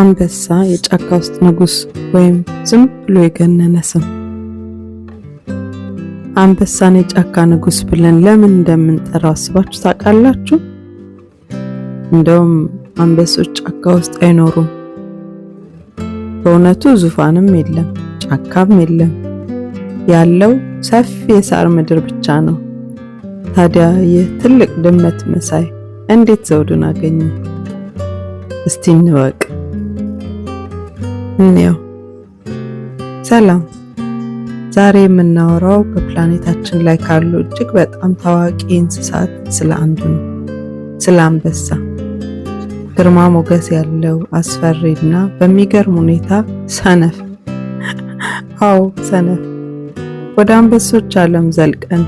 አንበሳ የጫካ ውስጥ ንጉስ ወይም ዝም ብሎ የገነነ ስም። አንበሳን የጫካ ንጉስ ብለን ለምን እንደምንጠራው አስባችሁ ታውቃላችሁ? እንደውም አንበሶች ጫካ ውስጥ አይኖሩም። በእውነቱ ዙፋንም የለም፣ ጫካም የለም። ያለው ሰፊ የሳር ምድር ብቻ ነው። ታዲያ ይህ ትልቅ ድመት መሳይ እንዴት ዘውዱን አገኘ? እስቲ እንወቅ። እንየው። ሰላም፣ ዛሬ የምናወራው በፕላኔታችን ላይ ካሉ እጅግ በጣም ታዋቂ እንስሳት ስለ አንዱ ነው፣ ስለ አንበሳ። ግርማ ሞገስ ያለው እና በሚገርም ሁኔታ ሰነፍ አዎ ሰነፍ። ወደ አንበሶች ዓለም ዘልቀን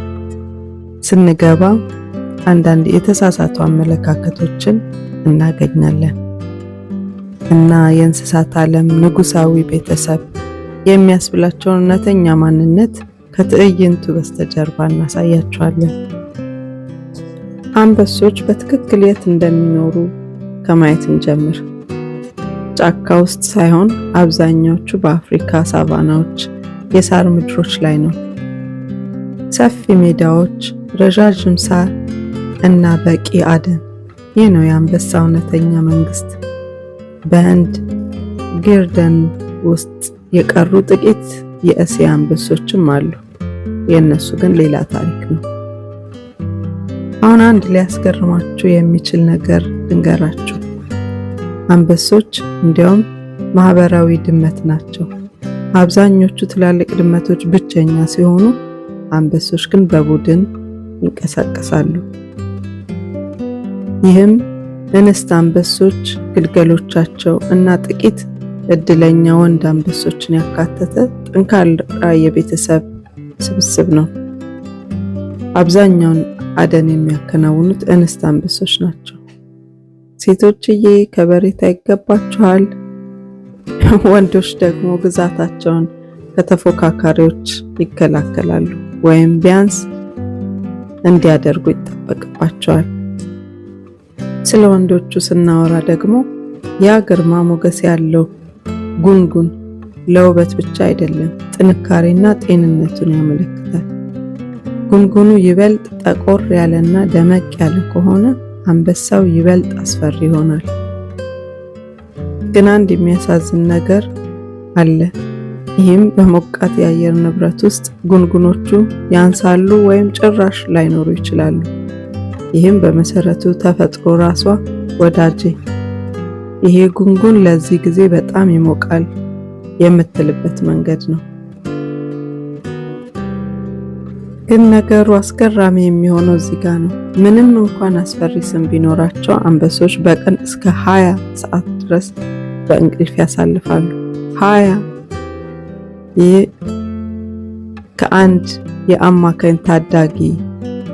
ስንገባ አንዳንድ የተሳሳቱ አመለካከቶችን እናገኛለን። እና የእንስሳት ዓለም ንጉሳዊ ቤተሰብ የሚያስብላቸውን እውነተኛ ማንነት ከትዕይንቱ በስተጀርባ እናሳያቸዋለን። አንበሶች በትክክል የት እንደሚኖሩ ከማየት እንጀምር። ጫካ ውስጥ ሳይሆን አብዛኛዎቹ በአፍሪካ ሳቫናዎች የሳር ምድሮች ላይ ነው። ሰፊ ሜዳዎች፣ ረዣዥም ሳር እና በቂ አደን። ይህ ነው የአንበሳ እውነተኛ መንግስት። በህንድ ጊርደን ውስጥ የቀሩ ጥቂት የእስያ አንበሶችም አሉ። የእነሱ ግን ሌላ ታሪክ ነው። አሁን አንድ ሊያስገርማችሁ የሚችል ነገር ልንገራችሁ። አንበሶች እንዲያውም ማህበራዊ ድመት ናቸው። አብዛኞቹ ትላልቅ ድመቶች ብቸኛ ሲሆኑ፣ አንበሶች ግን በቡድን ይንቀሳቀሳሉ። ይህም እንስት አንበሶች ግልገሎቻቸው እና ጥቂት እድለኛ ወንድ አንበሶችን ያካተተ ጠንካራ የቤተሰብ ስብስብ ነው። አብዛኛውን አደን የሚያከናውኑት እንስት አንበሶች ናቸው። ሴቶችዬ ከበሬታ ይገባችኋል፣ ወንዶች ደግሞ ግዛታቸውን ከተፎካካሪዎች ይከላከላሉ ወይም ቢያንስ እንዲያደርጉ ይጠበቅባቸዋል። ስለ ወንዶቹ ስናወራ ደግሞ ያ ግርማ ሞገስ ያለው ጉንጉን ለውበት ብቻ አይደለም፣ ጥንካሬና ጤንነቱን ያመለክታል። ጉንጉኑ ይበልጥ ጠቆር ያለና ደመቅ ያለ ከሆነ አንበሳው ይበልጥ አስፈሪ ይሆናል። ግን አንድ የሚያሳዝን ነገር አለ። ይህም በሞቃት የአየር ንብረት ውስጥ ጉንጉኖቹ ያንሳሉ ወይም ጭራሽ ላይኖሩ ይችላሉ። ይህም በመሰረቱ ተፈጥሮ ራሷ ወዳጄ ይሄ ጉንጉን ለዚህ ጊዜ በጣም ይሞቃል የምትልበት መንገድ ነው። ግን ነገሩ አስገራሚ የሚሆነው እዚህ ጋር ነው። ምንም እንኳን አስፈሪ ስም ቢኖራቸው አንበሶች በቀን እስከ 20 ሰዓት ድረስ በእንቅልፍ ያሳልፋሉ። 20 ይህ ከአንድ የአማካኝ ታዳጊ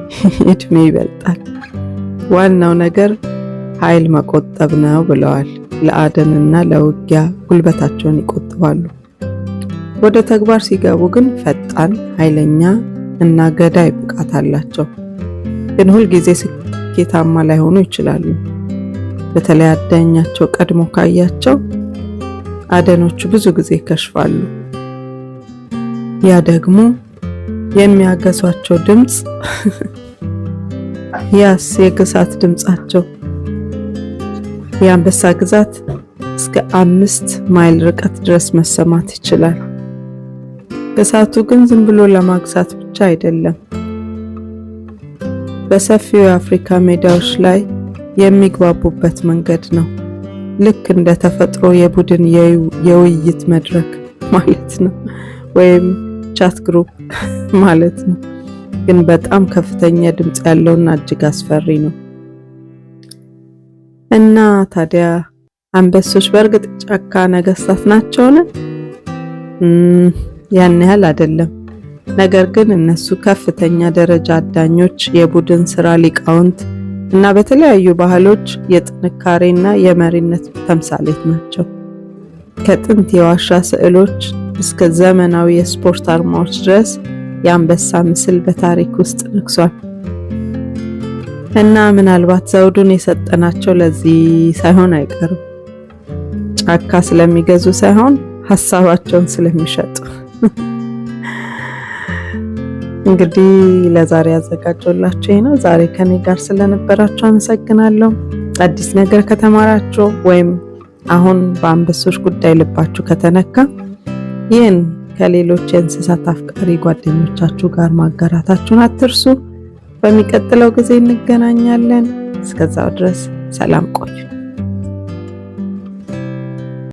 እድሜ ይበልጣል። ዋናው ነገር ኃይል መቆጠብ ነው ብለዋል። ለአደንና ለውጊያ ጉልበታቸውን ይቆጥባሉ። ወደ ተግባር ሲገቡ ግን ፈጣን፣ ኃይለኛ እና ገዳይ ብቃት አላቸው። ግን ሁልጊዜ ስኬታማ ላይሆኑ ይችላሉ። በተለይ አዳኛቸው ቀድሞ ካያቸው አደኖቹ ብዙ ጊዜ ይከሽፋሉ። ያ ደግሞ የሚያገሷቸው ድምፅ ያስ የግሳት ድምጻቸው የአንበሳ ግዛት እስከ አምስት ማይል ርቀት ድረስ መሰማት ይችላል። ግሳቱ ግን ዝም ብሎ ለማግሳት ብቻ አይደለም። በሰፊው የአፍሪካ ሜዳዎች ላይ የሚግባቡበት መንገድ ነው። ልክ እንደ ተፈጥሮ የቡድን የውይይት መድረክ ማለት ነው፣ ወይም ቻት ግሩፕ ማለት ነው። ግን በጣም ከፍተኛ ድምፅ ያለውና እጅግ አስፈሪ ነው። እና ታዲያ አንበሶች በእርግጥ ጫካ ነገስታት ናቸውን? ያን ያህል አይደለም። ነገር ግን እነሱ ከፍተኛ ደረጃ አዳኞች፣ የቡድን ስራ ሊቃውንት እና በተለያዩ ባህሎች የጥንካሬና የመሪነት ተምሳሌት ናቸው። ከጥንት የዋሻ ስዕሎች እስከ ዘመናዊ የስፖርት አርማዎች ድረስ የአንበሳ ምስል በታሪክ ውስጥ ነግሷል እና ምናልባት ዘውዱን የሰጠናቸው ለዚህ ሳይሆን አይቀርም። ጫካ ስለሚገዙ ሳይሆን ሀሳባቸውን ስለሚሸጡ። እንግዲህ ለዛሬ ያዘጋጀላችሁ ይህ ነው። ዛሬ ከኔ ጋር ስለነበራችሁ አመሰግናለሁ። አዲስ ነገር ከተማራችሁ ወይም አሁን በአንበሶች ጉዳይ ልባችሁ ከተነካ ይህን ከሌሎች የእንስሳት አፍቃሪ ጓደኞቻችሁ ጋር ማጋራታችሁን አትርሱ። በሚቀጥለው ጊዜ እንገናኛለን። እስከዛው ድረስ ሰላም ቆዩ።